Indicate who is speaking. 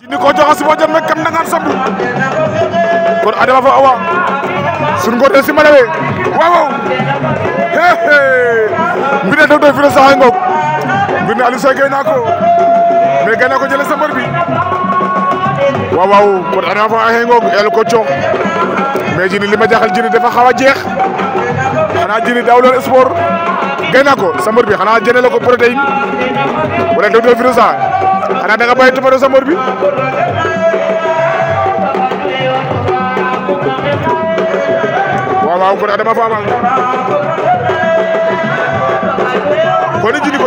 Speaker 1: jinni ko joxa sibo jam me kam nangan sambu kon adama fa awa sun ngor el simale we waaw waaw he he mbine def do fi na ko mais jële sa mbër bi waaw waaw kon adama fa axe ngok el ko cox jinni li ma jaaxal jinni dafa xaw a jeex xanaa jinni daaw loon sport gayna ko bi xanaa jëne la ko protéine wala def do a da nga bàyyi tubaru sa mor bi waaw
Speaker 2: waaw kon Adama Faamal
Speaker 3: kon i jini